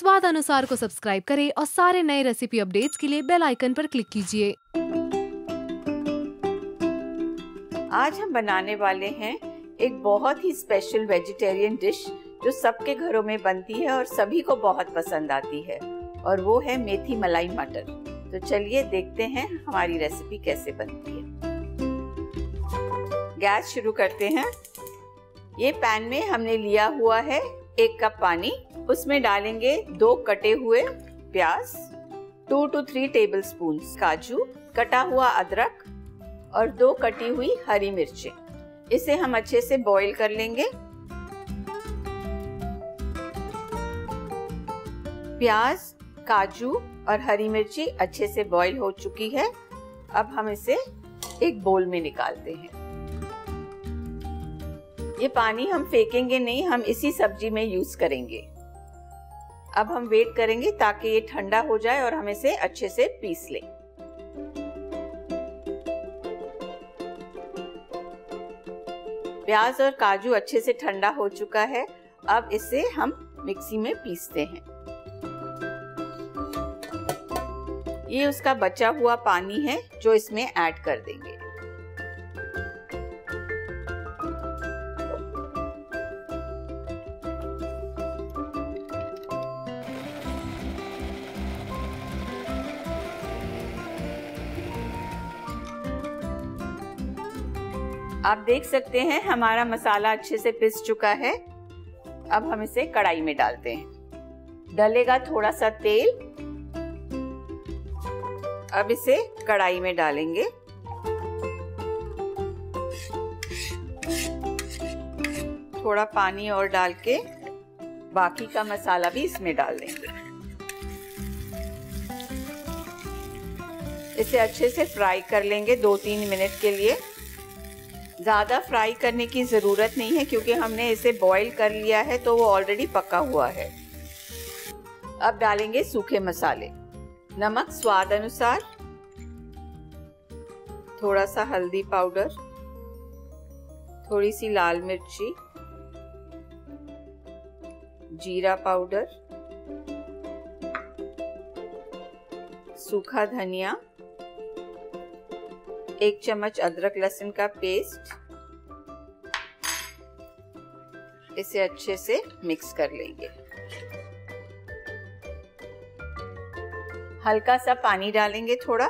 स्वाद अनुसार को सब्सक्राइब करें और सारे नए रेसिपी अपडेट्स के लिए बेल आइकन पर क्लिक कीजिए आज हम बनाने वाले हैं एक बहुत ही स्पेशल वेजिटेरियन डिश जो सबके घरों में बनती है और सभी को बहुत पसंद आती है और वो है मेथी मलाई मटर तो चलिए देखते हैं हमारी रेसिपी कैसे बनती है गैस शुरू करते हैं ये पैन में हमने लिया हुआ है एक कप पानी उसमें डालेंगे दो कटे हुए प्याज two to three tablespoon काजू कटा हुआ अदरक और दो कटी हुई हरी मिर्चें इसे हम अच्छे से बॉईल कर लेंगे प्याज काजू और हरी मिर्ची अच्छे से बॉईल हो चुकी है अब हम इसे एक बोल में निकालते हैं ये पानी हम फेंकेंगे नहीं हम इसी सब्जी में यूज करेंगे अब हम वेट करेंगे ताकि ये ठंडा हो जाए और हम इसे अच्छे से पीस लें प्याज और काजू अच्छे से ठंडा हो चुका है अब इसे हम मिक्सी में पीसते हैं ये उसका बचा हुआ पानी है जो इसमें ऐड कर देंगे आप देख सकते हैं हमारा मसाला अच्छे से पिस चुका है अब हम इसे कढ़ाई में डालते हैं डलेगा थोड़ा सा तेल अब इसे कढ़ाई में डालेंगे थोड़ा पानी और डाल के बाकी का मसाला भी इसमें डाल देंगे इसे अच्छे से फ्राई कर लेंगे दो तीन मिनट के लिए ज़्यादा फ्राई करने की ज़रूरत नहीं है क्योंकि हमने इसे बॉईल कर लिया है तो वो ऑलरेडी पका हुआ है अब डालेंगे सूखे मसाले नमक स्वाद अनुसार थोड़ा सा हल्दी पाउडर थोड़ी सी लाल मिर्ची जीरा पाउडर सूखा धनिया एक चम्मच अदरक लहसुन का पेस्ट इसे अच्छे से मिक्स कर लेंगे हल्का सा पानी डालेंगे थोड़ा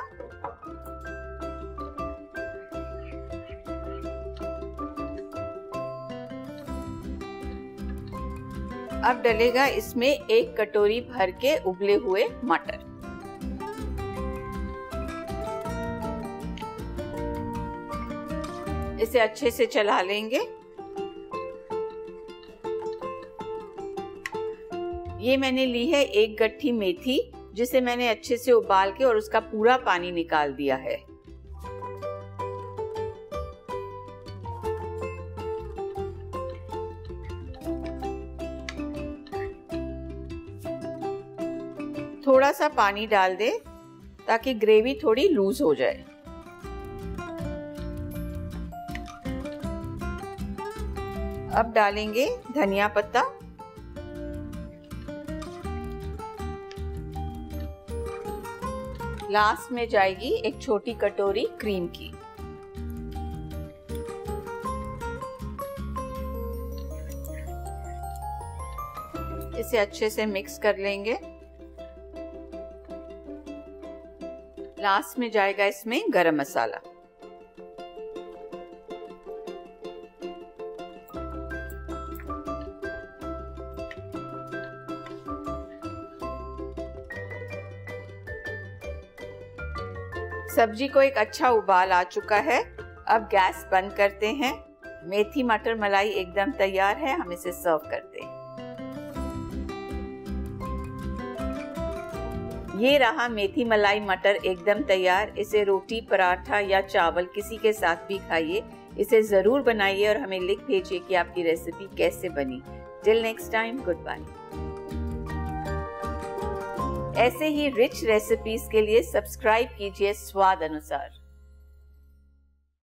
अब डलेगा इसमें एक कटोरी भर के उबले हुए मटर इसे अच्छे से चला लेंगे ये मैंने ली है एक गट्ठी मेथी जिसे मैंने अच्छे से उबाल के और उसका पूरा पानी निकाल दिया है थोड़ा सा पानी डाल दे ताकि ग्रेवी थोड़ी लूज हो जाए अब डालेंगे धनिया पत्ता लास्ट में जाएगी एक छोटी कटोरी क्रीम की इसे अच्छे से मिक्स कर लेंगे लास्ट में जाएगा इसमें गरम मसाला सब्जी को एक अच्छा उबाल आ चुका है अब गैस बंद करते हैं मेथी मटर मलाई एकदम तैयार है हम इसे सर्व करते हैं ये रहा मेथी मलाई मटर एकदम तैयार इसे रोटी पराठा या चावल किसी के साथ भी खाइए इसे ज़रूर बनाइए और हमें लिख भेजिए कि आपकी रेसिपी कैसे बनी till next time goodbye ऐसे ही रिच रेसिपीज के लिए सब्सक्राइब कीजिए स्वाद अनुसार